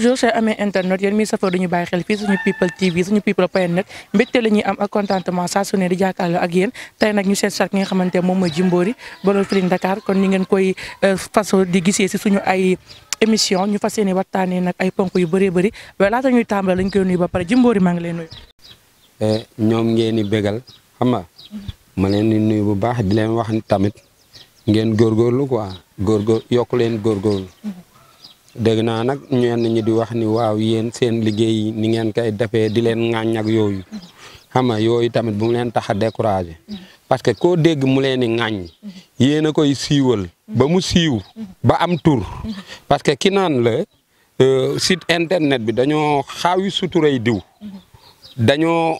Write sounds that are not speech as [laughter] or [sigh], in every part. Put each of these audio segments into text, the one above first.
toujours amee amis internet yéen miy safoo dañu bàyyi xel fii suñu people tv suñu people point net mbégte la am ak contentement saa su ne di jàkkaarloo ak yéen tey nag ñu seet sat ki nga moom mooy Jimbori borom Feeling Dakar kon ni ngeen koy euh, façon di gisee si suñu ay émission ñu fas ni waxtaanee nag ay ponk yu bëree bëri waaye laata ñuy tàmbale lañ koy nuyu ba pare Jimbori maa ngi lay nuyu eh, ngeen di bégal xam nga ma leen di nuyu bu baax di leen wax tamit ngeen góorgóorlu quoi góorgóor yokk leen góorgóorlu mm-hmm. dégg naa nag ñenn ñi di wax ni waaw yéen seen liggéey ni ngeen koy defee di leen ŋàññ ak yooyu xam yooyu tamit bu mu leen tax a découragé parce que koo dégg mu leen di ŋàññ yéen a koy siiwal ba mu siiw ba am tur parce que ki naan la euh, sit internet bi dañoo xaawi suturay diw dañoo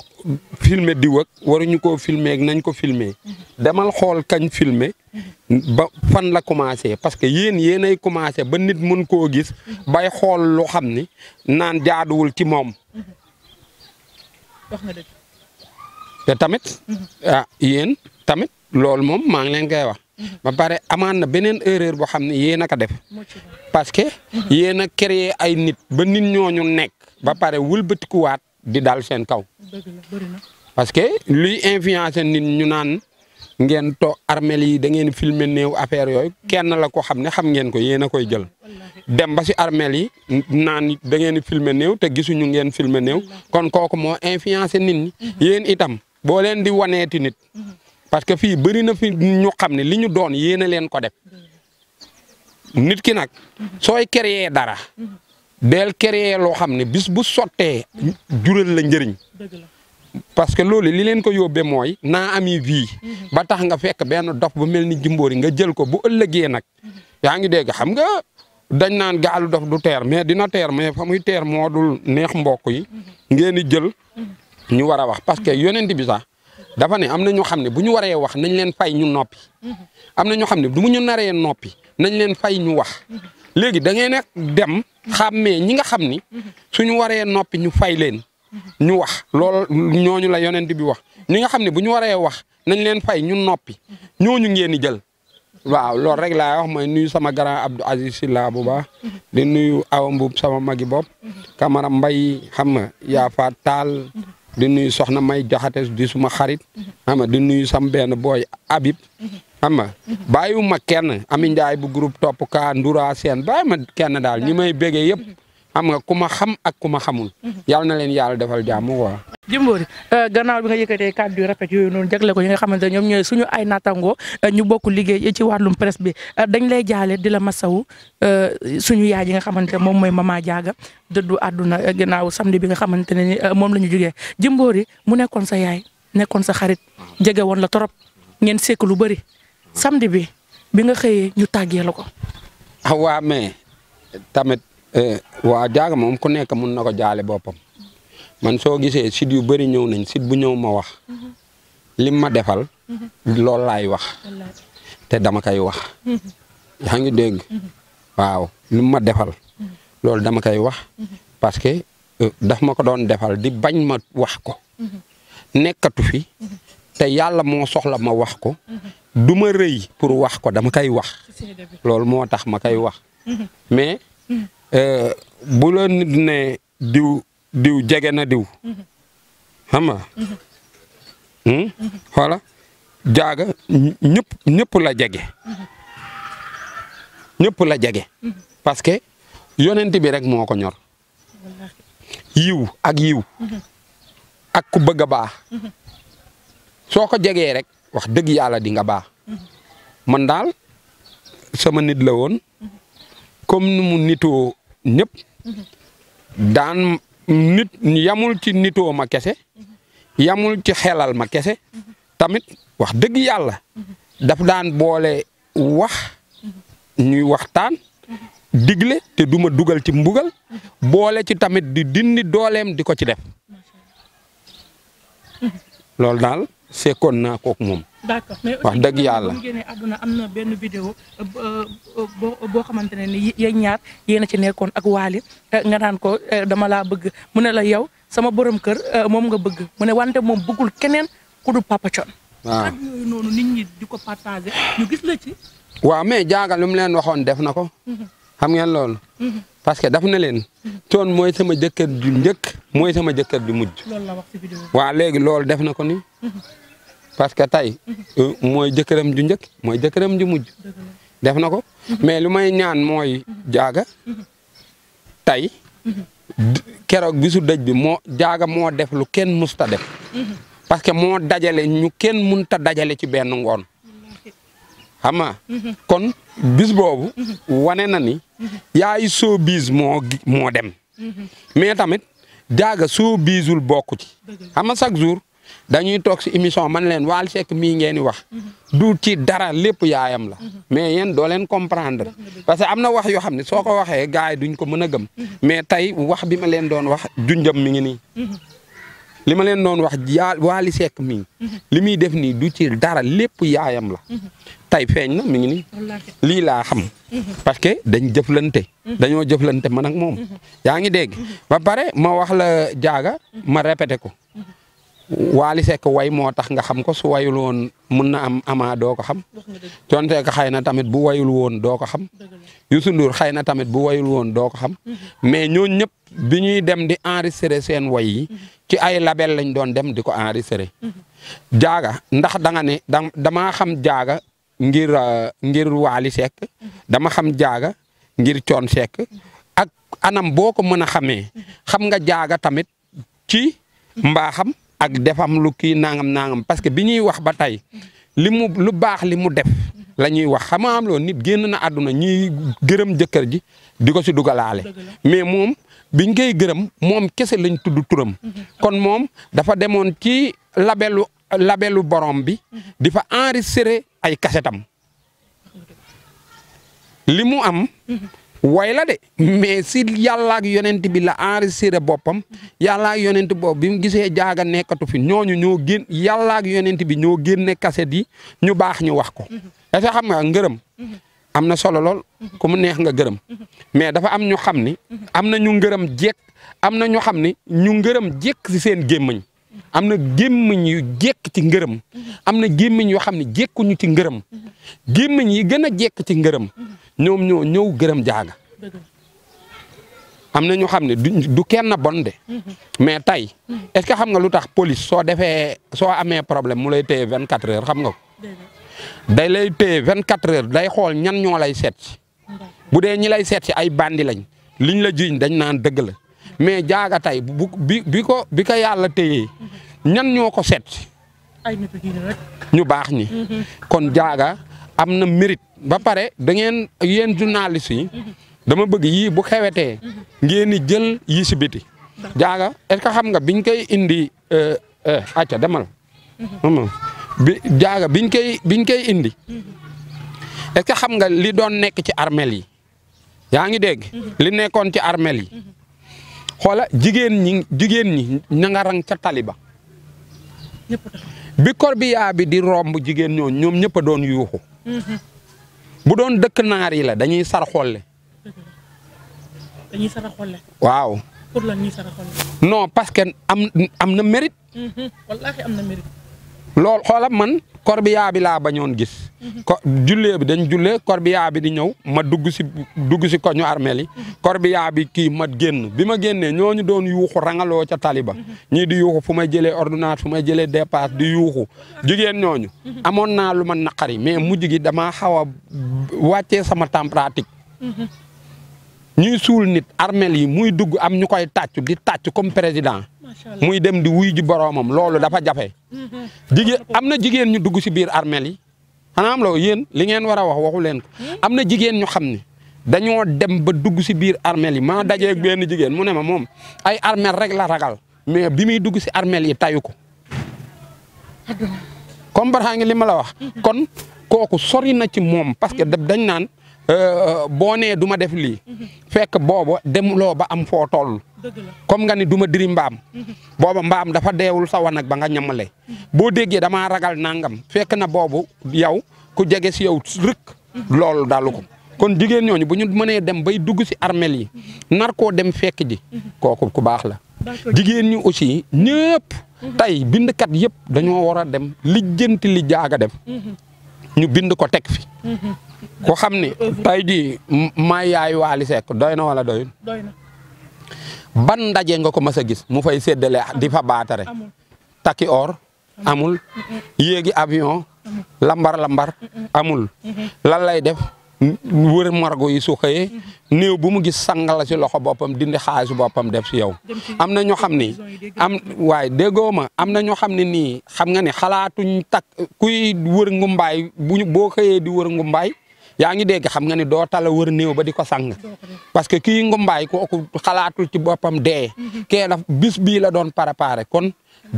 filmer diw ak waruñu ko filmer ak nañ ko filmer demal xool kañ filmer ba fan la commencé parce que yéen yéen ay commencé ba nit mun koo gis bay xool lu xam ni naan jaaduwul ci moom. wax nga dëgg te tamit. Mhm. ah yéen tamit loolu moom maa ngi leen koy wax. Mhm. ba pare amaan na beneen erreur boo xam ne yéen a ko def. parce que mhm. yéen a créé ay nit ba nit ñooñu nekk. ba pare wëlbatikuwaat di dal seen kaw. parce que luy influencer nit ñu naan. ngeen toog armel yi dangeen ngeen filmer néew affaire yooyu kenn la ko xam ne xam ngeen ko yéen a koy jël dem ba si armel yi naan da ngeen filmer néew te gisuñu ngeen filmer néew kon kooku moo influencé nit ñi yéen itam boo leen di waneeti nit parce que fii bëri na fi ñu xam ne li ñu doon yéen a leen ko def nit ki nag sooy créer dara del créer loo xam ne bis bu sottee jural la njëriñ parce que loolu li leen ko yóbbee mooy naa amii vie mhm. ba tax nga fekk benn dof bu mel ni jimboori nga jël ko bu ëllëgee nag mhm. yaa ngi dégg xam nga dañ naan gaalu dof du teer mais dina teer mais fa muy teer moo dul neex mbokk yi mhm. ngeen di jël ñu war a wax parce que yonent bi dafa ne am na ñoo xam ne bu ñu waree wax nañ leen fay ñu noppi am na ñoo xam ne bu ñu naree noppi nañ leen fay ñu wax léegi da ngay nag dem xàmmee ñi nga xam ni su suñu waree noppi ñu fay leen ñu wax lool ñooñu la yonent bi wax ñi nga xam ne bu ñu waree wax nañ leen fay ñu noppi ñooñu ngeen di jël. waaw loolu rek laa wax mooy nuyu sama grand Abdou Aziz Sylla bu baax di nuyu Awa Mbuub sama magi bopp Camara Mbay xam nga yaa fa taal di nuyu soxna May Jaxate di suma xarit ama di nuyu sam benn booy Habib xam nga bàyyiwuma kenn Ami Njaay bu groupe topp ka Ndoura Seen bàyyi ma kenn daal ñi may béggee yëpp am nga ku ma xam ak ku ma xamul. Mhm. yàlla na leen yàlla defal jàmm quoi. Jimbori euh, gannaaw bi nga yëkkatee kàddu yu rafet yooyu noonu jagle ko ñi nga xamante ne ñoom ñooy suñu ay nattangoo euh, ñu bokk liggéey ci wàllum presse bi euh, dañ lay jaale di la masawu suñu yaay yi nga xamante ne moom mooy Mama Diaga dëddu àdduna gannaaw samedi bi nga xamante ne moom la ñu jugee Jimbori mu nekkoon sa yaay nekkoon sa xarit jege woon la trop ngeen sekk lu bari samedi bi bi nga xëyee ñu tàggee la ko. Ah, Eh, waa jaaga moom ku nekk mun na ko jaale boppam man soo gisee sit yu bari ñëw nañ sit bu ñëw ma wax mhm. lim ma defal mhm. loolu laay wax te dama koy wax mhm. yaa ngi dégg waaw lim ma defal loolu dama koy wax parce que euh, daf ma ko doon defal di bañ ma wax ko nekkatu fi te yàlla moo soxla ma wax ko duma ma rëy pour wax ko dama koy wax loolu moo tax ma koy wax mais Euh, bu la nit ne diw diw jege na diw xam nga hmm? voilà jaaga ñëpp ñëpp la jege ñëpp la jege parce que yonent bi rek moo ko ñor yiw ak yiw ak ku bëgg a baax soo ko jegee rek wax dëgg yàlla di nga baax man daal sama nit la woon comme nu mu nitoo ñëpp mhm. daan yamul ci nitoo ma kese mhm. yamul ci xelal ma kese mhm. tamit wax dëgg yàlla daf daan boole wax ñuy waxtaan digle te du ma dugal ci mbugal boole ci tamit di dindi dooleem di ko ci def loolu daal fekkoon naa kook moom. d'accord mais wax dëgg yàlla bu àdduna am na benn vidéo euh, euh, euh, boo xamante ne ni yéen ñaar yéen a ci nekkoon ak waali nga naan ko dama laa bëgg mu ne la yow sama borom kër moom nga bëgg mu ne wante moom bëggul keneen ku du Papa Thione. waaw ak noonu nit ñi di gis la ci. waaw mais jaagal lu mu waxoon def na ko. Mhm. xam ngeen loolu. Mhm. parce que daf na leen coon mooy sama jëkkër ju njëkk mooy sama jëkkër ju mujj waa léegi loolu def na ko ni parce que tey euh, mooy jëkkëram ju njëkk mooy jëkkëram ju mujj def na ko mais lu may ñaan mooy jaaga tey keroog bisu dëj bi moo jaaga moo def lu kenn musta def parce que moo dajale ñu kenn munta dajale ci benn ngoon xam nga mm-hmm. kon bis boobu wane na ni yaay soo biis moo moo dem. mais tamit jaaga soo biisul bokku ci. xam nga chaque jour dañuy toog si émission man leen Wally Seck mii ngeen di wax. du ci dara lépp yaayam la. mais yéen doo leen comprendre. parce que am na wax yoo xam ne soo ko waxee gars yi duñ ko mën a gëm. mais tey wax bi ma leen doon wax junjam mi ngi nii. li ma leen doon wax yaa Wally Seck mii mhm. li muy def nii du ci dara lépp yaayam la mhm. tey feeñ na mi ngi nii lii laa xam mhm. parce que dañ jëflante dañoo jëflante ma ak moom yaa ngi dégg ba pare ma wax la jaaga ma répété ko Wally Seck way moo tax nga xam ko su wayul woon mun na am ama ko xam Thione Seck xëy na tamit bu wayul woon doo ko xam Youssou Ndour xëy na tamit bu wayul woon doo ko xam mais ñooñu ñëpp bi ñuy dem di enregistrer seen way yi ci ay label lañ doon dem di ko enregistré. jaaga ndax danga nga ne dama xam jaaga ngir euh, ngir Waly Seck dama xam jaaga ngir coon Seck ak anam boo ko mën a xamee xam nga jaaga tamit ci mbaaxam ak defam lu kii nangam nangam parce que bi ñuy wax ba tey li mu lu baax li mu def la ñuy wax xamaam loolu nit génn na àdduna ñuy gërëm jëkkër ji di ko si dugalaale mais moom biñ koy gërëm moom kese lañ tudd turam. kon moom dafa demoon ci labelu labelu borom bi. di fa enregistré ay kasetam. limu am. way la de mais si yàlla ak bi la enregistré boppam yàlla ak yonent boobu bi mu gisee jaaga nekkatu fi ñooñu ñoo génn yàlla ak bi ñoo génne kaset yi ñu baax ñu wax ko. dafa mhm. xam nga ngërëm. Mhm. am na solo lool ku neex nga gërëm mais dafa am ñu xam ni am na ñu ngërëm jekk am na ñu xam ni ñu ngërëm jekk si seen gémmiñ am na gémmiñ yu jekk ci ngërëm am na gémmiñ yoo xam ne jekkuñu ci ngërëm gémmiñ yi gën a jekk ci ngërëm ñoom ñoo ñëw gërëm jaaga am na ñu xam ne du kenn bon de mais tey est que xam nga lu tax police soo defee soo amee problème mu lay téye vingt-quatre heures xam nga ko day lay téye vingt quatre heures day xool ñan ñoo lay seet bu dee ñi lay seet ay bandi lañ liñ la jiiñ dañ naan dëgg la mais jaaga tey bi ko bi ko yàlla téyee ñan ñoo ko seet ñu baax ñi mm-hmm. kon jaaga am na mérite ba pare da ngeen yéen journaliste yi dama bëgg yi bu xewetee mm-hmm. ngeen di jël yi si biti jaaga est-ce xam nga biñ koy indi euh, euh, acca demal mm-hmm. bi jaaga biñ koy biñ koy indi est xam nga li doon nekk ci armeel yi yaa ngi dégg li nekkoon ci armel yi xoola jigéen ñi jigéen ñi na nga rang ca taliba bi korbiyaa bi di romb jigéen ñoo ñoom ñëpp a doon yuuxu bu doon dëkk naar yi la dañuy sar xolle dañuy sar waaw pour la que am na mérite mhm. am na mérite loolu xoolam man corbiya bi ba bañoon gis. ko mhm. jullee bi dañ jullee corbiya bi di ñëw ma dugg si dugg si koñu armeel yi. Mhm. corbiya bi kii ma génn bi ma génnee ñooñu doon yuuxu rangaloo ca taliba. Mhm. ñii di yuuxu fu may jëlee ordinate fu may jëlee dépasse di yuuxu jigéen ñooñu. amoon naa lu ma naqari mais mujj gi damaa xaw a wàccee sama tempratique ñuy suul nit armeel yi muy dugg am ñu koy tàcc di tàcc comme président. muy dem di wuy ji boroomam loolu dafa jafe. Mm-hmm. jigéen am na jigéen ñu dugg si biir armel yi xanaa am loo yéen li ngeen war a wax waxu leen ko hmm? am na jigéen ñu xam ne dañoo dem ba dugg si biir armel yi maa dajeeg benn jigéen mu ne ma moom ay armel rek la ragal mais bi muy dugg si armel yi tayu ko. comprendre nga li ma la wax. Mm-hmm. kon kooku sori na ci moom parce que hmm? dañ naan. Euh, boo nee duma def lii fekk booba loo ba am foo toll comme nga ni duma diri mbaam booba mbaam dafa deewul sa nag ba nga ñamale boo déggee dama ragal nangam fekk na boobu yow ku jege si yow rëkk loolu dalu ko kon jigéen ñooñu bu ñu mënee dem bay dugg si armel yi nar koo dem fekk ji kooku ku baax la jigéen ñi aussi ñëpp tey bindkat yëpp dañoo war a dem lijjanti li jaaga def mhm. ñu bind ko teg fi mhm. ku xam ni tey di maa yaay Waly Seck doy na wala doyul. ndaje nga ko mas a gis mu fay séddale di fa baatare. takki or amul. yéegi avion. lambar lambar amul. lan lay def wër margo yi su xëyee. néew bu mu gis sangala si loxo boppam dindi xaalisu boppam def si yow. am na ñoo xam ni am waaye déggoo am na ñoo xam ne nii xam nga ni xalaatuñ tak kuy wër ngumbaay bu boo xëyee di wër ngumbaay yaa ngi dégg xam nga ni doo tala wër néew ba di ko sang parce que kii ngumbaay kooku xalaatul ci boppam dee mhm. kee daf bis bii la doon préparé kon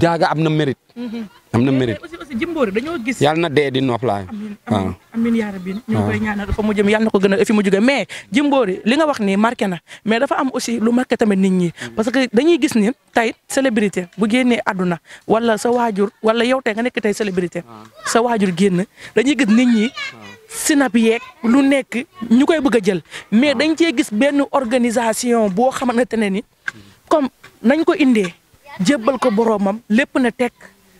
jaaga am na mérite. Mhm. am na eh, mérite aussi aussi jimboori dañoo gis. yàlla na dee di noflaay. waaw amiin yaa rabbi ñu koy ñaanal fa mu jëm yàlla na ko gën a fi mu jóge mais jimboori li nga wax nii marqué na mais dafa am aussi lu marqué tamit nit ñi mm. parce que dañuy gis ni tey célébrité bu génnee àdduna wala sa waajur wala yow tey nga nekk tey célébrité. Ah. sa waajur génn dañuy gis nit ñi. Ah. si sinap yeeg lu nekk ñu koy bëgg a jël mais dañ cee gis benn organisation boo xamante ne ni comme nañ ko indee jébbal ko boroomam lépp na teg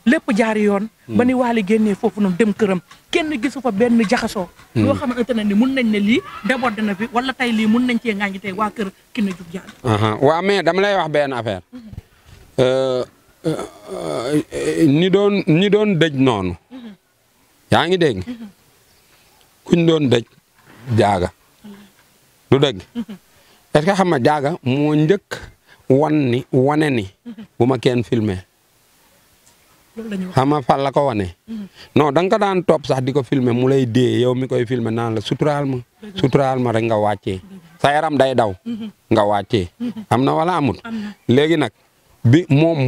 lépp jaar yoon. Hmm. ba ni waali génnee foofu noonu dem këram kenn gisu fa benn jaxasoo. Hmm. loo xamante ne ni mun nañ ne lii déborde na fi wala tey lii mun nañ cee ŋaañu tey waa kër ki na jug jaar. waaw mais dama lay wax benn affaire. ni hmm. euh, euh, euh, doon ñi doon dëj noonu. yaa ngi dégg. kuñ doon daj jaaga du dëgg [laughs] est xam nga jaaga moo njëkk wan ni wane ni [laughs] bu ma kenn filmé xam nga fan la ko wane mm-hmm. non da nga ko daan top sax di ko filme mu lay dee yow mi koy filme naan la suturaal ma rek nga wàccee sa yaram day daw mm-hmm. nga wàccee mm-hmm. am na wala amul léegi nag bi moom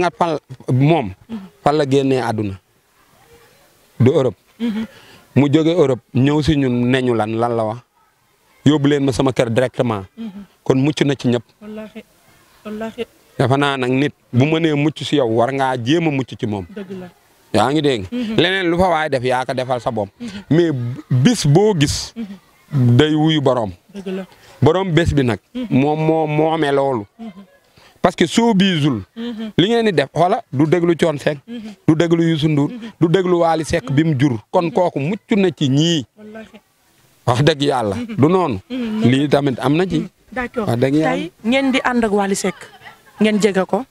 nga moom fan la génnee àdduna du Europe mu jóge Europe ñëw si ñun neñu lan lan la wax yóbbu leen ma sama kër directement mm-hmm. kon mucc na ci ñëpp wallaahi wallaahi naa nag nit bu mënee mucc si yow war ngaa jéem a mucc ci moom dëgg la yaa ngi dégg mm-hmm. leneen lu fa waay def yaa ko defal sa bopp mm-hmm. mais bis boo gis day wuyu boroom boroom bés bi nag moom moo moome loolu parce que soo biisul mhm. li ngeen di def xoola du déglu Thione Seck mhm. du déglu Youssou Ndour mhm. du déglu Wally Seck bi mu jur kon kooku mucc na ci ñii wax dëgg yàlla du noonu lii tamit am na ci d'accord wax dëgg ngeen di ànd ak Wally Seck ngeen jege ko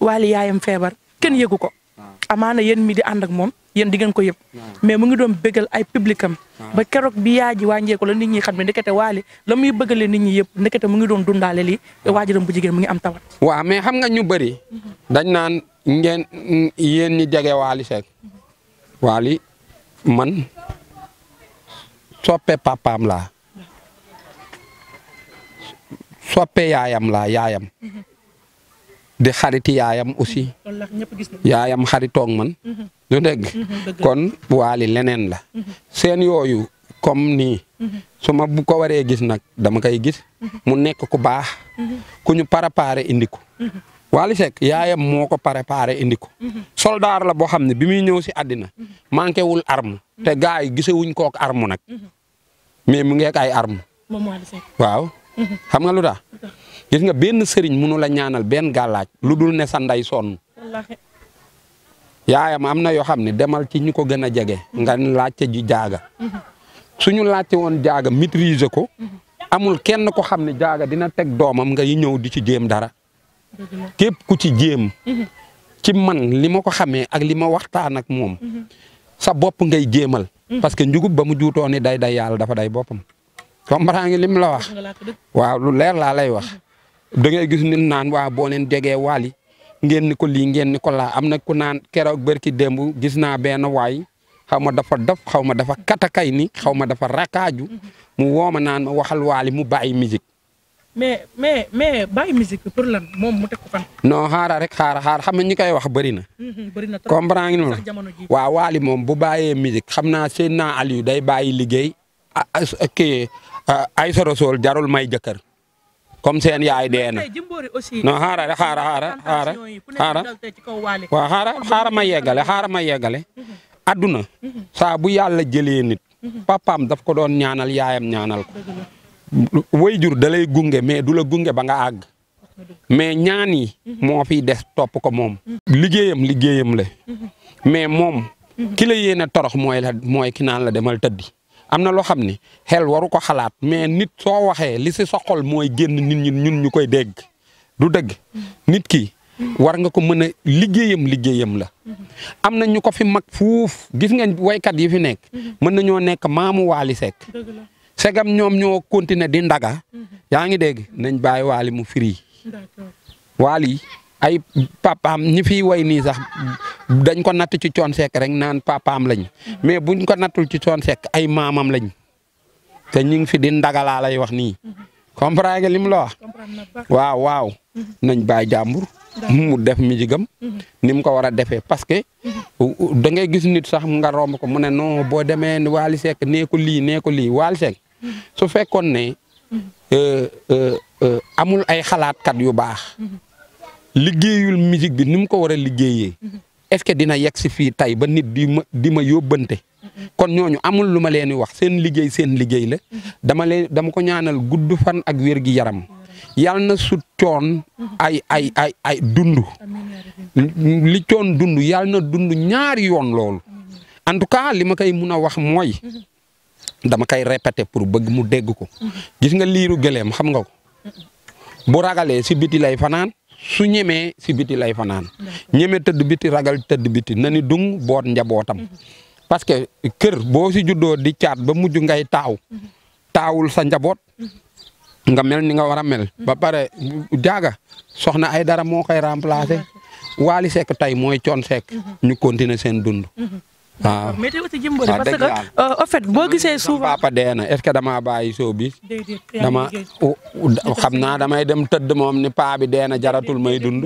Wally yaayam feebar kenn yëgu ko Ah. amaana yéen mi di ànd moom yéen di ko yëpp ah. mais mu ngi doon bëggal ay publicam ah. ba keroog bi yaay ji wàññee ko la nit ñi xam ne ndekete waali la muy bëggalee nit ñi yëpp ndekete mu ngi doon dundaale lii waajuram bu jigéen mu ngi am tawat waaw mais xam nga ñu bëri dañ naan ngeen ñi jege waali Seck waali man soppe papaam laa soppe yaayam la yaayam mm-hmm. di xarit yaayam aussi yaayam xaritoog man mhm. du dégg mhm, kon waali leneen la mhm. seen yooyu comme nii su ma bu ko waree gis nag dama koy gis mu nekk ku baax ku ñu préparé indi ko Wally Seck yaayam moo ko préparé indi ko soldaar la boo xam ne bi muy ñëw si àddina manqué wul arme te gars yi gisewuñ kook arme nag mais mu ngeek ay arme xam nga lu daa gis nga benn sëriñ mënu la ñaanal benn gàllaaj lu dul ne sa nday sonn yaayam am na yoo xam ne demal ci ñu ko gën a jege nga laajte ji jaaga suñu laajte woon jaaga maîtriser ko amul kenn ko xam ne jaaga dina teg doomam nga ñëw di ci jéem dara képp ku ci jéem ci man li ma ko xamee ak li ma waxtaan ak moom sa bopp ngay jéemal parce que njugub ba mu juutoo ni day day yàlla dafa day boppam comprendre lim la wax waaw lu leer laa lay wax da gis nit naan waa boo leen jegee waali ngeen ni ko lii ngeen ni ko laa am na ku naan keroog bërki démb gis naa benn waay xaw ma dafa dof xaw ma dafa katakay ni xaw ma dafa rakkaaju mu wooma naan ma waxal waali mu bàyyi musique mais mais mais bàyyi musique bi pour rek xaaral xaaral xam nga ñi koy wax bëri na. Mhm, bëri na trop comprendre waali moom bu bàyyee musique xam naa seen naa Aliou day bàyyi liggéey. kii Aïssa Rassoul jarul may jëkkër comme seen yay dee na non xaaral xaara xaara xaara xaara waaw xaara xaara ma yeggale xaara ma yeggale mhm. adduna mhm. saa bu yàlla jëlee nit mhm. papaam daf ko doon ñaanal yaayam ñaanal ko wayjur da lay gunge mais du la gunge ba nga àgg mais ñaan yi moo fiy des topp ko moom liggéeyam liggéeyam la mais moom ki la yéene torox mooy la mooy ki naan la demal tëddi am na loo xam ne xel waru ko xalaat mais nit soo waxee li si soxol mooy génn nit ñi ñun ñu koy dégg du dëgg nit ki war nga ko mën a liggéeyam liggéeyam la am na ñu ko fi mag fuuf gis nga waykat yi fi nekk mën nañoo nekk maamu waali Seck segam ñoom ñoo continuer di ndaga mhm. yaa ngi dégg nañ bàyyi Waly mu firi Waly ay papaam ñi fiy way nii sax dañ ko natt ci coon sekk rek naan papaam lañ mais buñ ko nattul ci coon sekk ay maamam lañ te ñu ngi fi di ndagalaa lay wax nii comprendre nga li mu la wax waaw waaw nañ bàyyi jàmbur mu def mi jigam ni mu ko war a defee parce que da ngay gis nit sax nga romb ko mu ne non boo demee ni Wally Seck nee ko lii nee ko lii Wally Seck su fekkoon ne euh, euh, euh, amul ay xalaatkat yu baax liggéeyul musique bi ni mu ko war a liggéeyee mm-hmm. est-ce que dina yegg si fii tey ba nit di ma di ma yóbbante mm-hmm. kon ñooñu amul lu ma leen di wax seen liggéey seen liggéey la mm-hmm. dama leen dama ko ñaanal gudd fan ak wér gi yaram yàlla na su coon ay ay dund li coon dund yàlla na dund ñaari yoon loolu en tout cas li ma koy mun a wax mooy dama koy répéter pour bëgg mu dégg ko gis nga liiru gëléem xam nga ko bu ragalee si biti lay fanaan su ñemee si biti lay fanaan ñemee tëdd biti ragal tëdd biti na ni dung boot njabootam mhm. parce que kër boo si juddoo di caat ba mujj ngay taaw mhm. taawul sa njaboot mhm. nga mel ni nga war a mel ba pare jaaga soxna ay dara moo koy remplacer Wally Seck tey mooy coon Seck ñu continuer seen dund waaw météo aussi jëmbëri parce que euh, en fait boo gisee souvent papa dee na est ce que damaa bàyyi soo bi dama xam naa damay dem tëdd moom ni paa bi dee na jaratul may dund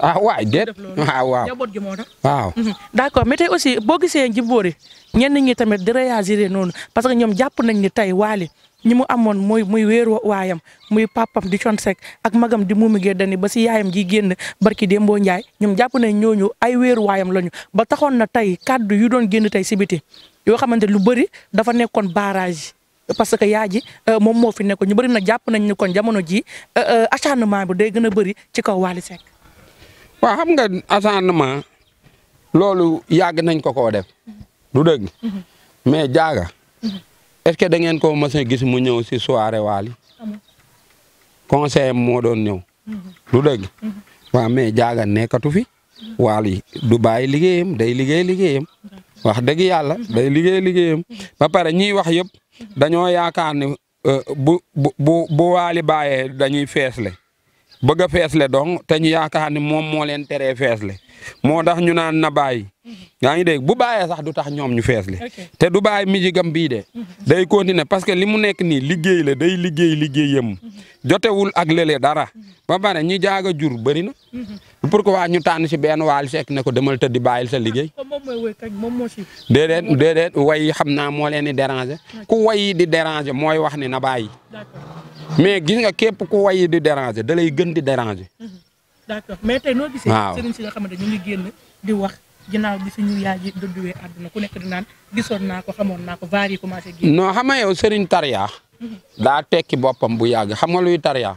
ah waay déet ah, waaw waaw waaw mhm. d' accord météo aussi boo gisee jëmbëri ñenn ñi tamit di réagir noonu parce que ñoom jàpp nañ ni tey waali ñi mu amoon mooy muy wéeru waayam muy papam di con sec ak magam di muumi gér dani ba si yaayam ji génn barki Dembo Njaay ñoom jàpp nañ ñooñu ay wéeru waayam lañu ba taxoon na tey kàddu yu doon génn tey si biti yoo xamante lu bëri dafa nekkoon barrage parce que yaa ji euh, moom moo fi nekkoon ñu bëri nag jàpp nañ ni kon jamono ji euh, euh, acharnement bi day gën a bëri ci kaw Wally Seck waaw xam nga acharnement loolu yàgg nañ ko koo def du dëgg mm-hmm. mais jaaga mm-hmm. est-ce que da ngeen ko mës gis mu ñëw si soirée Wally conseil moo doon ñëw mm-hmm. lu dëgg mm-hmm. waaw mais jaaga nekkatu fi Wally du bàyyi liggéeyam day liggéey liggéeyam wax dëgg yàlla mm-hmm. day liggéey liggéeyam ba pare ñiy wax yëpp dañoo yaakaar ni euh, bu bu bu Wally bàyyee dañuy feesle bëgg a feesle donc te ñu yaakaar ni moom moo leen teree feesle moo tax ñu naan na bàyyi mhm. yaa ngi dégg bu bàyyee sax du tax ñoom ñu feesle te du bàyyi mijigam bii de mhm. day continuer parce que li mu nekk nii liggéey la day liggéey liggéeyam mhm. jotewul ak lële dara ba pare ñi jaaga jur bëri na pourquoi ñu tànn si benn waal sekk ne ko demal tëddi bàyyil sa liggéey ah, déedéet déedéet way xam naa moo leen di déranger ku way di déranger mooy wax ni na bàyyi mais gis nga képp ku way di déranger da lay gën di déranger. Mm-hmm. d'accord mais tey noo gisee. waaw sëriñ xamante ñu ngi génn di wax ginnaaw bi suñu yaay ku nekk di gisoon naa ko xamoon naa ko vaar commencé. non xam nga yow sëriñ Tariya. Mm-hmm. daa tekki boppam bu yàgg xam nga luy Tariya.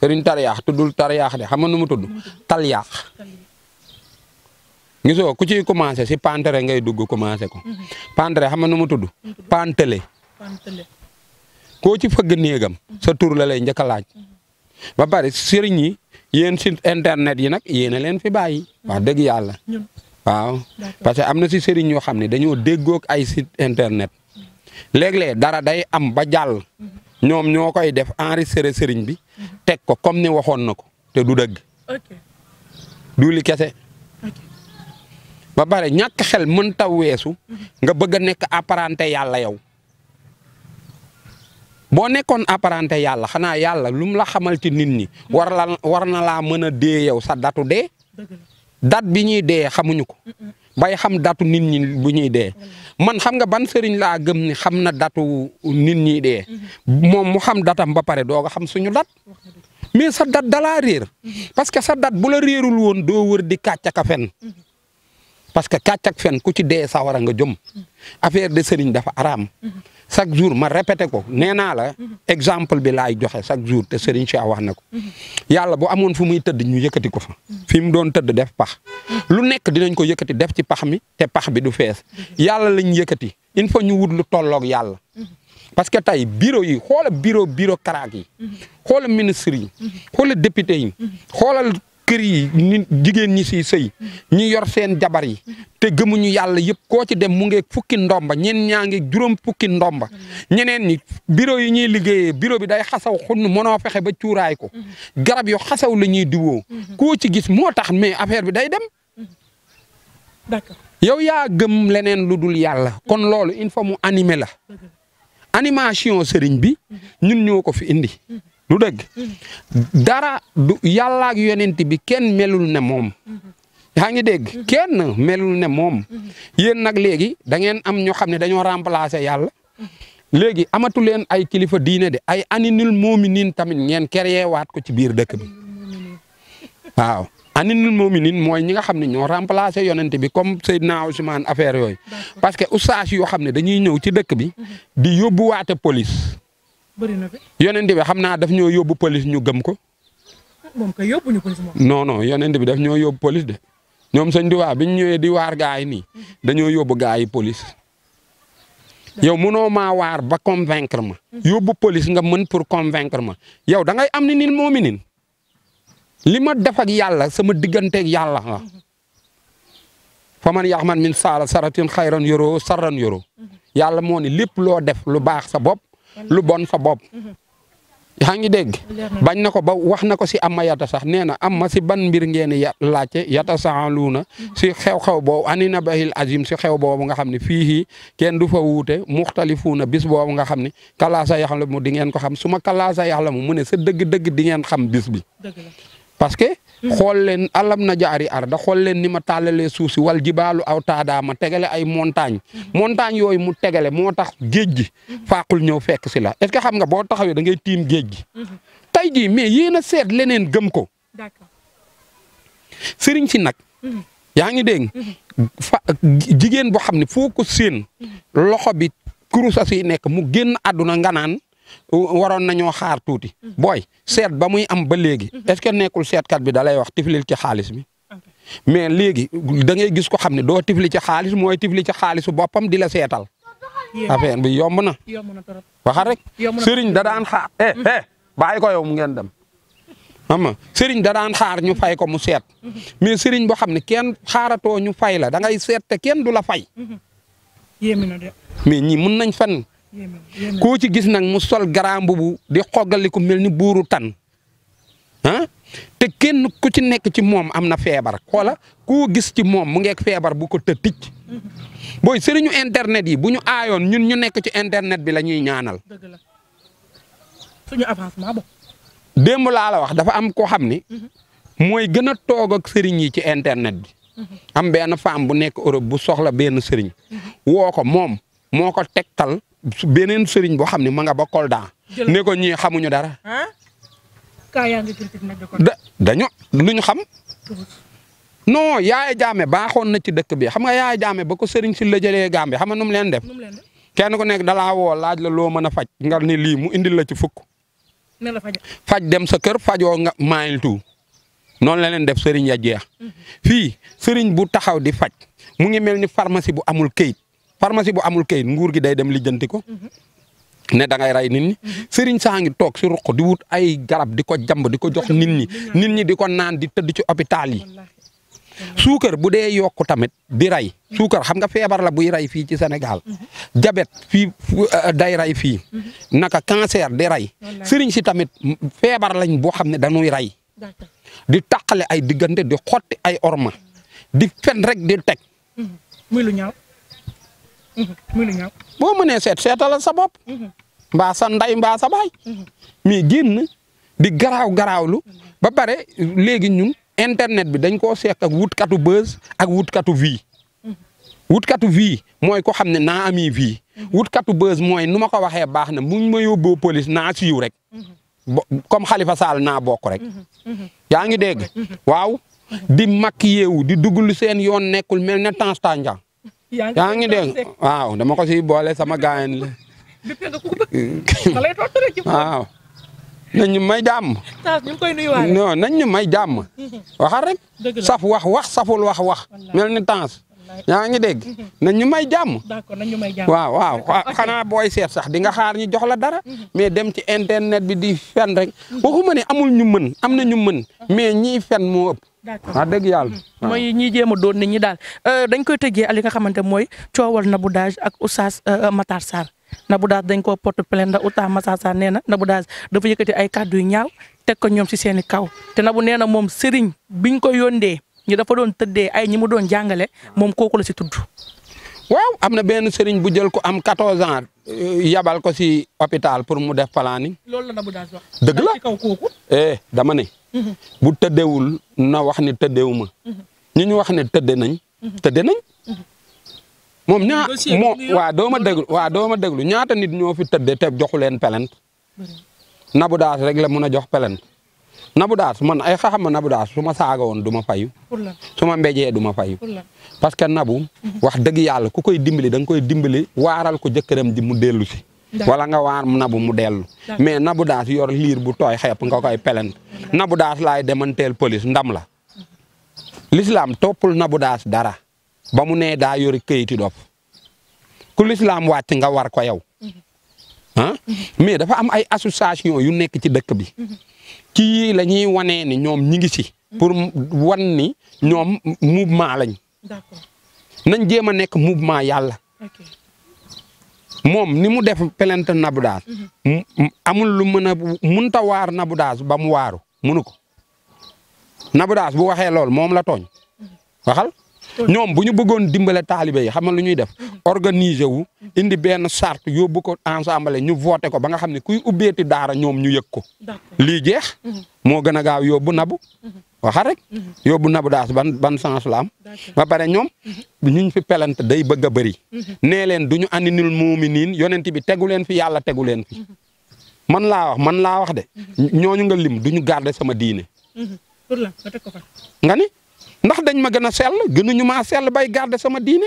sëriñ Tariya tuddul Tariya de xam nga nu mu tudd. Taliya. gisoo ku ciy commencé si pantere ngay dugg commencé ko. Mm-hmm. pantere xam nga nu mu tudd. pantele. koo ci fëgg néegam sa tur la lay njëkk laaj ba pare sëriñ yi yéen si internet yi nag yéen a leen fi bàyyi wax dëgg yàlla waaw parce que am na si sëriñ yoo xam ne dañoo déggoog ay site internet léeg-léeg dara day am ba jàll ñoom ñoo koy def enregistré sëriñ bi teg ko comme ni waxoon na ko te du dëgg du kese ba pare ñàkk xel mën taw weesu nga bëgg a nekk apparenté yàlla yow boo nekkoon apparenté yàlla xanaa yàlla lum la xamal ci nit ñi war la war na laa mën a dee yow sa datu dee dat bi ñuy dee xamuñu ko bay xam datu nit ñi bu ñuy dee man xam nga ban sëriñ laa gëm ni xam na datu nit ñi dee moom mu xam datam ba pare dooga xam suñu dat mais sa dat dalaa réer parce que sa dat bu la réerul woon doo wër di kàcc fen parce que kàcc fen ku ci dee sawara nga jëm affaire de sëriñ dafa araam chaque jour ma répété ko nee naa la exemple bi laay joxe chaque jour te Serigne Cheikh wax na ko yàlla bu amoon fu muy tëdd ñu yëkkati ko fa fi mu doon tëdd def pax lu nekk dinañ ko yëkkati def ci pax mi te pax bi du fees yàlla lañ yëkkati il faut ñu wut lu tolloog yàlla parce que tey bureau yi xoola bureau bureau karaak yi xoola ministre yi xoola député yi xoolal kër yi jigéen ñi siy sëy ñu yor seen jabar yi te gëmuñu yàlla yëpp koo ci dem mu ngeeg fukki ndomba ñen ñaa ngeeg juróom fukki ndomba ñeneen ñi bureau yi ñuy liggéeyee bureau bi day xasaw xunn mënoo fexe ba cuuraay ko garab yu xasaw la ñuy diwoo koo ci gis moo tax mais affaire bi day dem d'accord yow yaa gëm leneen lu dul yàlla kon loolu il faut mu animer la animation sëriñ bi ñun ñoo ko fi indi lu dëgg dara du yàlla ak yonent bi kenn melul ne moom yaa ngi dégg kenn melul ne moom yéen nag léegi da ngeen am ñoo xam ne dañoo remplacer yàlla léegi amatu leen ay kilifa diine de ay aninul mu'minin tamit ngeen créé waat ko ci biir dëkk bi waaw aninul mu'minin mooy ñi xam ne ñoo remplacer yonent bi comme Seydina Ousmane affaire yooyu parce que ustaas yoo xam ne dañuy ñëw ci dëkk bi di yóbbuwaate police bëri na fi yonent bi xam naa daf ñoo yóbbu police ñu gëm ko. Ah, moom kay yóbbuñu police moom. non non yonent bi daf ñoo yóbbu police de ñoom sëñ Tuubaa bi ñu ñëwee di waar gaa yi nii mhm. dañoo yóbbu gaa yi police. yow mënoo ma waar ba convaincre ma. Mhm. yóbbu police nga mën pour convaincre ma yow da ngay am ni nin moomi nin li ma def ak yàlla sama digganteeg yàlla nga. Mhm. fa man yax man min saala saratin xayran yoroo sarran yoroo yàlla moo ni lépp loo def lu baax sa bopp lu bon sa bopp. yaa ngi dégg bañ na ko ba wax na ko si am ma yata sax nee na am ma si ban mbir ngeen ya laajte yata na si xew-xew boobu ani na bahil azim si xew boobu nga xam ne fii kenn du fa wuute na bis boobu nga xam ne kalaasa yaxlamu di ngeen ko xam su ma kalaasa yaxlamu mu ne sa dëgg-dëgg di ngeen xam bis bi. parce que hmm. xool leen alam na jaari arda xool leen ni ma tàllalee suuf si wal jibaalu aw taadaa ma tegale ay montagne hmm. montagne yooyu mu tegale moo tax géej gi hmm. faaqul ñëw fekk si la est ce xam nga boo taxawee da ngay tiim géej gi tey jii mais yéen a seet leneen gëm ko sëriñ si nag yaa ngi dégg fa boo xam ne foo ko seen loxo bi kurus a si nekk mu génn àdduna nga naan waroon nañoo xaar tuuti. Mhm. booy seet ba muy am ba léegi. Mhm. est-ce que nekkul seetkat bi dalay wax tiflil ci xaalis bi. mais léegi da ngay gis ko xam ne doo tifli ci xaalis mooy tifli ci xaalisu boppam di la seetal. affaire bi yomb na. yomb na trop waxal rek. sëriñ da daan xaar eh, mhm. eh ko yow mu ngeen dem. xam sëriñ da daan ñu fay ko mu seet. mais sëriñ boo xam ne kenn xaaratoo ñu fay la da ngay seet te kenn du la fay. yéeme ñi mun nañ fen koo ci gis nag mu sol garambu bu di xogaliku mel ni buuru tan ah? te kenn ku ci nekk ci moom am na feebar xoola koo gis ci moom mu ngeek feebar bu ko tëttic booy sëriñu internet yi bu ñu aayoon ñun ñu nekk ci internet bi la ñuy ñaanal. dëgg la suñu laa la wax dafa am ko xam ni. Mhm. mooy gën a toog ak sëriñ yi ci internet bi. Mhm. am benn femme bu nekk Europe bu soxla benn sëriñ. Mhm. woo ko moom moo ko tegtal beneen sëriñ boo xam ne ma nga ba Kolda. ne ko ñii xamuñu dara. da dañu luñu xam. noo yaay jaame baaxoon na ci dëkk bi xam nga yaay jaame ba ko sëriñ si la jëlee Gambie xam nga nu mu leen def. kenn ku nekk dalaa woo laaj la loo mën a faj nga ni lii mu indil la ci fukk. la faj dem sa kër fajoo nga maayil tuut noonu la leen def sëriñ ya jeex. Mm-hmm. fii sëriñ bu taxaw di faj mu ngi mel ni pharmacie bu amul këyit. pharmacie bu amul kayit nguur gi day dem lijjanti ne da ngay rey nit sëriñ saa ngi toog si ruq di ay garab di ko jàmb di ko jox nit ñi nit ñi di ko naan di tëdd ci hôpital yi suukar bu dee yokku tamit di rey suukar xam nga feebar la buy rey fii ci senegal jabet fii euh, day ray fii naka cancer di ray sëriñ si tamit feebar lañ boo xam ne dañuy rey di taqale ay diggante di xotti ay orma di fen rek di teg boo mënee seet seetalal sa bopp. Mhm. mbaa sa nday mbaa sa baay. Mhm. mais génn di garaaw garaaw garaawlu ba pare léegi ñun internet bi dañ koo seq ak wutkatu buzz ak wutkatu vi mhm. wutkatu vi mooy ko xam ne naa mi vie. wutkatu buzz mooy nu ma ko waxee baax na buñ ma yóbboo police naa siiw rek. comme Khalifa Sall naa bokk rek. yaa ngi dégg waaw. di makk yeewu di dugg lu seen yoon nekkul mel ne temps yaa ngi dégg waaw dama ko si boole sama gaayen la waaw nañ ñu may jàmm non nañ ñu may jàmm [laughs] waxal rek saf wax wax saful wax wax mel ni tans yaa ngi dégg [laughs] nañ ñu may jàmm. d'accord nañ may jàmm waaw waaw xanaa booy seet sax di nga xaar ñu jox la dara. Mm-hmm. mais dem ci internet bi di fen rek mm-hmm. waxuma ne amul ñu mën am na ñu mën mm-hmm. mais ñii fen moo ëpp. d'accord wax dëgg yàlla. mooy ñi jéem a doon nit ñi daal euh, dañ koy tëjee li nga xamante mooy coowal Nabou Dash ak Oustaz euh, Matar Sarr Nabou Dash dañ koo porte plainte Oustaz Matar Sarr nee na Nabou Dash dafa yëkkati ay kàddu yu ñaaw teg ko ñoom si seen i kaw te Nabou nee na moom sëriñ biñ ko yóndee ñu dafa doon tëddee ay ñi mu doon jàngale moom kooku la si tudd. waaw am na benn sëriñ bu jël ko am 14 ans euh, yabal ko si hopital pour mu def planning. loolu la Nabou Dash wax. dëgg la kaw kooku. Eh, dama ne. Mhm. bu tëddeewul na wax ne tëddeewuma. Mhm. ñu ñu wax ne tëdde nañ. Mhm. tëdde moom ñaa moo waa doo ma déglu waa doo ma déglu ñaata nit ñoo fi tëdde te joxu leen pelent Nabou Dash rek la mun a jox pelent Nabou Dash man ay xam nga Nabou Dash ma saaga woon duma ma fayu. su ma mbéjee du ma fayu. parce que Nabou. Mhm. wax dëgg yàlla ku koy dimbali da koy dimbali waaral ko jëkkëram ji mu dellu si. wala nga waar Nabou mu dellu. mais Nabou Dash yor liir bu tooy xepp nga koy pelent. Nabou Dash laay demanteel police ndam la. Mhm. l'islam toppul Nabou Dash dara ba mu nee daa yor yori këyiti dop ku l'islam wàcc nga war ko yow. ah mais dafa am ay association yu nekk ci dëkk bi. kii la ñuy wanee ni ñoom ñi ngi si. pour wan ni ñoom mouvement lañ. d'accord nañ jéem a nekk mouvement yàlla. moom ni mu def pelente nabudaas mm-hmm. amul lu mën a munta waar nabudaas ba mu waaru munu ko nabudaas bu waxee lool moom la tooñ mm-hmm. waxal ñoom bu ñu bëggoon dimbale taalibe yi xam nga lu ñuy def organiser wu indi benn chart yóbbu ko ensemble ñu voté ko ba nga xam ne kuy ubbeeti daara ñoom ñu yëg ko lii jeex mhm. moo gën a gaaw yóbbu nabu mhm. waxa rek mhm. yóbbu nabu daas ban ban sens la am ba pare ñoom ñuñ fi pelante day bëgg a bëri nee leen du ñu aninul muuminiin yonent bi tegu leen fi yàlla tegu leen fi man laa wax man laa wax de ñooñu nga lim du ñu garder sama diine nga ni ndax dañ ma gën a sell gënuñu maa sell bay garder sama diine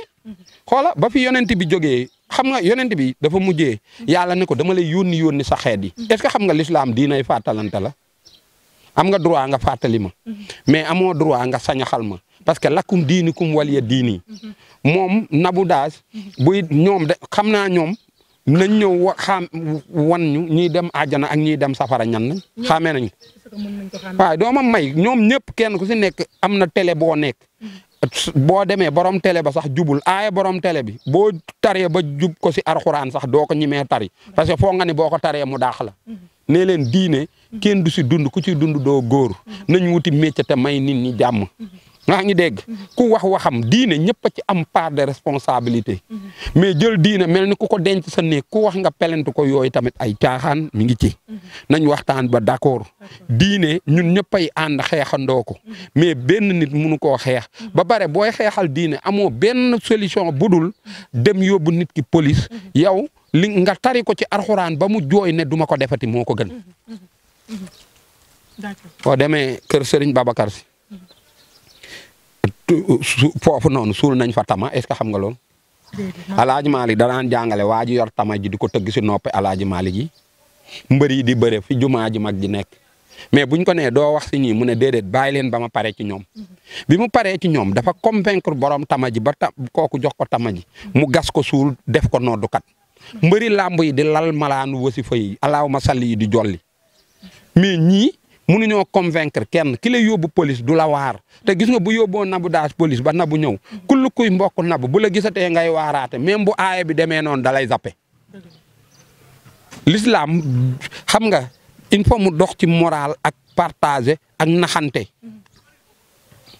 xoola ba fi yonent bi jógee xam nga yonent bi dafa mujje yàlla ne ko dama lay yónni yónni sa xeet yi est-ce que xam nga l'islam diinay fàttalante la am nga droit nga fàttali ma mais amoo droit nga sañaxal ma parce que lakkum diini kum waliya diini moom nabu daas buy ñoom de xam naa ñoom nañ ñëw wa xaam wan ñu ñiy dem àjjana ak ñiy dem safara ñan nañ xaamee nañu waaw doomam may ñoom ñëpp kenn ku si nekk am na tele boo nekk mm-hmm. boo demee borom tele ba sax jubul aaye borom tele bi boo taree ba jub ko si arxuraan sax doo ko ñimee tari mm-hmm. parce que foo nga ni boo ko taree mu daax la mm-hmm. nee leen diine kenn du si dund ku ci dund doo góor nañ wuti métier te may nit ñi jàmm maa ngi dégg ku wax waxam diine ñëpp a ci am part de responsabilité mais jël diine mel ni ku ko denc sa néeg ku wax nga pelent ko yooyu tamit ay caaxaan mi ngi ci nañ waxtaan ba d'accord diine ñun ñëpp ay ànd xeexandoo ko mais benn nit mënu koo xeex ba pare booy xeexal diine amoo benn solution budul dem yóbbu nit ki police yow li nga tari ko ci arxuraan ba mu jooy ne duma ko defati moo ko gën boo demee kër Serigne Babacar Sy foofu noonu suul nañ fa tama est ce que xam nga loolu. alaaji Maalik danaan jàngale waa ji yor tama ji di ko tëgg si noppi alaaji Maalik ji mbër yi di bëre fi jumaa ji mag ji nekk mais buñ ko nee doo wax si ñii mu ne déedéet bàyyi leen ba ma pare ci ñoom mhm. bi mu paree ci ñoom dafa convaincre borom tama ji ba ta kooku jox ko tama ji mu gas ko suul def ko noddukat mhm. mbëri làmb yi di lal malaan wasifa yi alaaw ma salli yi di jolli mais ñii mënuñoo convaincre kenn ki la yóbbu police du la waar te gis nga bu yóbboo nabu daas police ba nabu ñëw kull kuy mbokk nabu bu la gisatee ngay waaraate même bu aaye bi demee noonu dalay zappe l'islam xam nga il faut mu dox ci moral ak partager ak naxante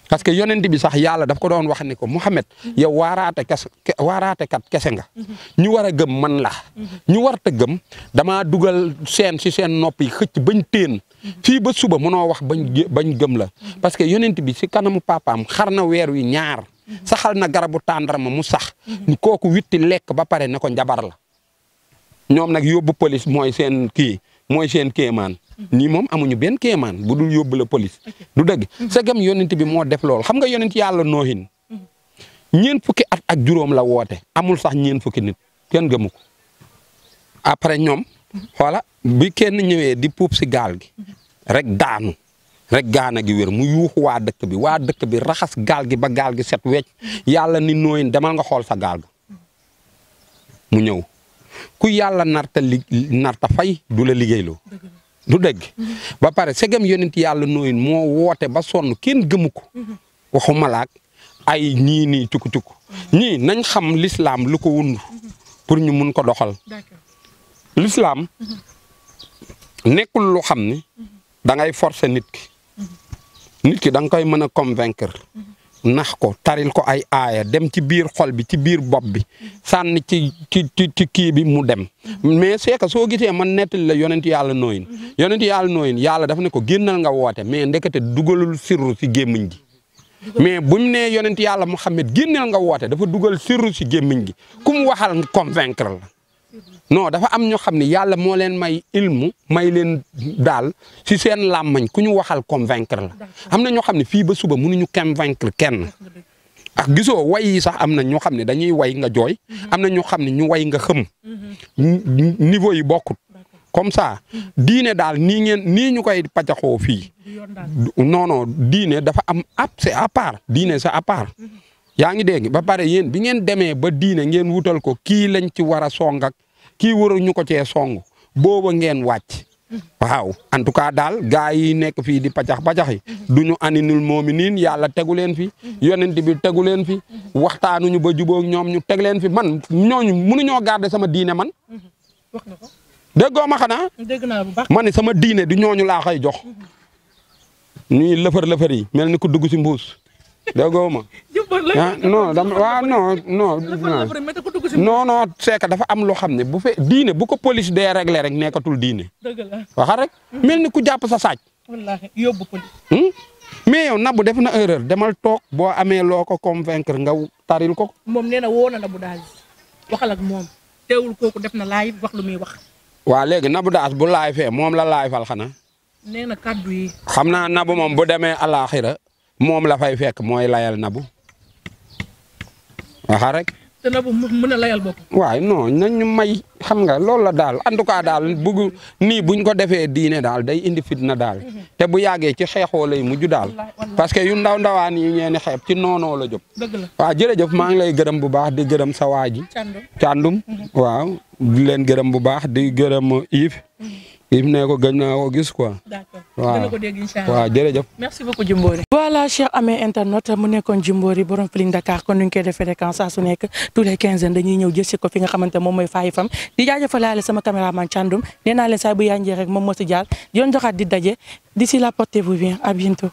parce que yonent bi sax yàlla daf ko doon wax ni ko Mouhamed yow waaraate kes waaraate kat kese nga mhm. ñu war a gëm man la mhm. ñu warta gëm damaa dugal seen si seen nopp yi xëcc bañ téen mhm. fii ba suba mënoo wax bañ bañ gëm la parce que yonent bi si kanamu papaam xar na weer wi ñaar saxal na garabu ma mu sax kooku witti lekk ba pare ne ko njabar la ñoom nag yóbbu police mooy seen kii mooy seen kéemaan nii moom amuñu benn kéemaan bu dul yóbbu la police du dëgg segam yonent bi moo def loolu xam nga yonent yàlla noohin mhm. ñeent fukki at ak juróom la woote amul sax ñeent fukki nit kenn gëmu ko après ñoom wala mhm. bi kenn ñëwee di puub si gaal gi mhm. rek daanu rek gaana gi wér mu yuuxu waa dëkk bi raxas gaal gi ba gaal gi set wecc yàlla ni nooyin demal nga xool sa gaal ga mu ñëw ku yàlla narta fay du la liggéeyloo du dégg mm-hmm. ba pare segam yonent yàlla nooyin moo woote ba sonn kenn gëmu ko mm-hmm. waxu malaak ay ñii nii tukk-tukk mm-hmm. ñii nañ xam lislaam lu ko wund pour ñu mun ko doxal lislaam nekkul lu xam ni da ay forcer nit ki nit ki da nga koy mën a convaincre nax ko taril ko ay aaya dem ci biir xol bi ci biir bopp bi sànni ci ci ci kii bi mu dem mais c'est que soo gisee man nettali la yonent yàlla nooyin yonent yàlla nooyin yàlla dafa ne ko génnal nga woote mais ndekete dugalul sirru si gémmiñ gi mais bu mu nee yonent yàlla Muhammad génnal nga woote dafa dugal sirru si gémmiñ gi ku mu waxal convaincre la non dafa am ñoo xam ne yàlla moo leen may ilmu may leen daal si seen làmmañ ku ñu waxal convaincre la am na ñoo xam ne fii ba suba mënuñu convaincre kenn ak gisoo way yi sax am na ñoo xam ne dañuy way nga jooy mhm. am na ñoo xam ne ñu way nga xam mhm. niveau yi bokkut comme sa mhm. diine daal nii ngeen nii ñu koy pacaxoo fii non non diine dafa am ab c'est à part diine c'est à part yaa ngi dégg ba pare yéen bi ngeen demee ba diine ngeen wutal ko kii lañ ci war a song ak kii waru ñu ko cee song booba ngeen wàcc. waaw en tout cas daal gars yi nekk fii di pàccax pàccax yi du ñu aninul moomi niin yàlla tegu leen fi yonent bi tegu leen fi waxtaanuñu ba jubóog ñoom ñu teg leen fi man ñooñu mënuñoo garder sama diine man. wax na ko dégg naa ne sama diine du ñooñu laa koy jox. ñuy lëfër lëfër yi mel ni ku dugg si mbuus. déggoo ma. no ah, non dama waaw non non. dafa am loo xam ne bu fe diine bu ko police dee réglé rek nekkatul diine. dëgg waxa rek. mel ni ku jàpp sa saaj. wallaahi yóbbu hmm? mais yow nabu def na erreur demal toog boo amee loo ko convaincre nga taril ko. moom nee na woo na nabu daal na laay wax lu muy wax. waa léegi nabu daas bu laay fee moom la laay fal xanaa. nee moom bu demee alaxira moom la fay fekk mooy layal na waxa rek. te nabu mën a may xam nga loolu la daal en tout cas daal bugg nii buñ ko defee diine daal day indi fitna daal mhm. te bu yàggee ci xeexoo lay mujj daal parce que yu ndaw ndawaan yi ngeen ci nonoo la jóg. dëgg la waaw jërëjëf maa ngi lay gërëm bu baax di gërëm sa waa ji. càndum mhm. waaw leen gërëm bu baax di gërëm Yves. Mhm. li mu ne ko gëj naa ko gis quoi. d'accord dana ko merci beaucoup Djimbory. voilà Cheikh amee internet mu nekkoon Djimbory borom Feeling Dakar kon nuñ koy defee rek saa tous les quinzaines dañuy ñëw jël si ko fi nga xamante moom mooy Faye Fam di jaajëfalaale sama caméraman Thiandoum nee naa leen saa bu yaay njee rek moom moo si jaar di doon joxaat di daje d'ici là portez-vous bien à bientôt.